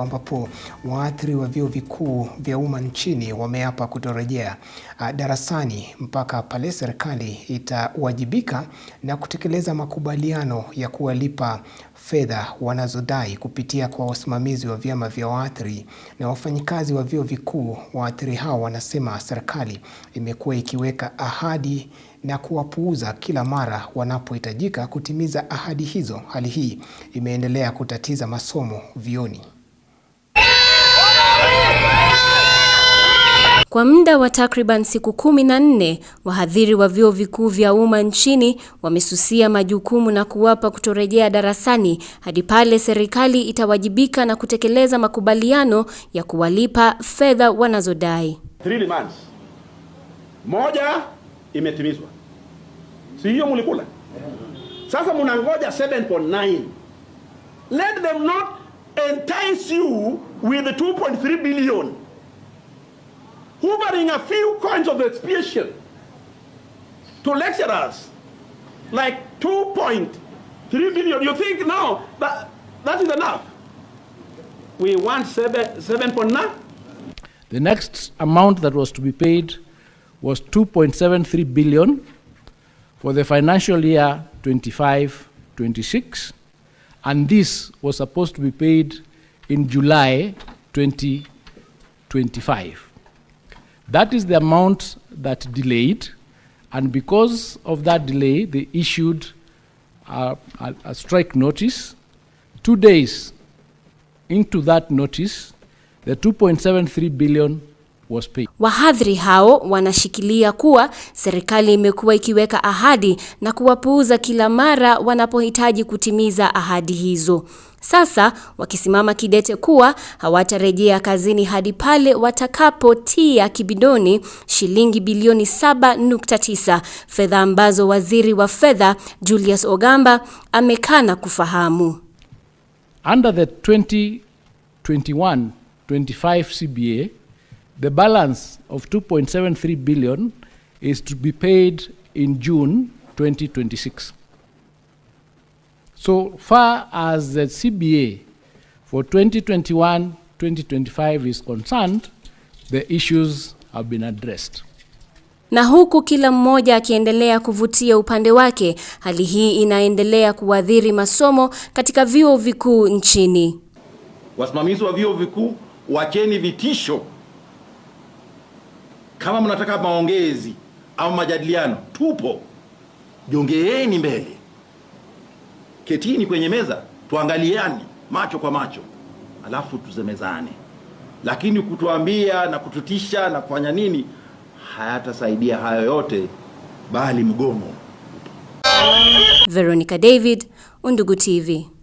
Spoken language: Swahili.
ambapo waathiri wa vyuo vikuu vya umma nchini wameapa kutorejea ah, darasani mpaka pale serikali itawajibika na kutekeleza makubaliano ya kuwalipa fedha wanazodai kupitia kwa wasimamizi wa vyama vya waathiri na wafanyikazi wa vyuo vikuu. Waathiri hao wanasema serikali imekuwa ikiweka ahadi na kuwapuuza kila mara wanapohitajika kutimiza ahadi hizo. Hali hii imeendelea kutatiza masomo vioni. Kwa muda wa takriban siku kumi na nne, wahadhiri wa vyuo vikuu vya umma nchini wamesusia majukumu na kuapa kutorejea darasani hadi pale serikali itawajibika na kutekeleza makubaliano ya kuwalipa fedha wanazodai. Three months. Moja imetimizwa. Si hiyo mlikula? Sasa mnangoja 7.9. Let them not entice you with the 2.3 billion. hoovering a few coins of the expiation to lecturers, like 2.3 billion. You think now that that is enough? We want 7.9. 7 the next amount that was to be paid was 2.73 billion for the financial year 25-26 and this was supposed to be paid in July 2025. That is the amount that delayed, and because of that delay, they issued a, a, a strike notice. Two days into that notice, the 2.73 billion Wahadhiri hao wanashikilia kuwa serikali imekuwa ikiweka ahadi na kuwapuuza kila mara wanapohitaji kutimiza ahadi hizo. Sasa wakisimama kidete kuwa hawatarejea kazini hadi pale watakapotia kibidoni shilingi bilioni 7.9, fedha ambazo Waziri wa Fedha Julius Ogamba amekana kufahamu. Under the 2021-25 CBA The balance of 2.73 billion is to be paid in June 2026. So far as the CBA for 2021-2025 is concerned, the issues have been addressed. Na huku kila mmoja akiendelea kuvutia upande wake, hali hii inaendelea kuadhiri masomo katika vyuo vikuu nchini. Wasimamizi wa vyuo vikuu, wacheni vitisho kama mnataka maongezi au majadiliano, tupo, jongeeni mbele, ketini kwenye meza, tuangaliani macho kwa macho, alafu tuzemezane. Lakini kutuambia na kututisha na kufanya nini hayatasaidia hayo yote, bali mgomo. Veronica David, Undugu TV.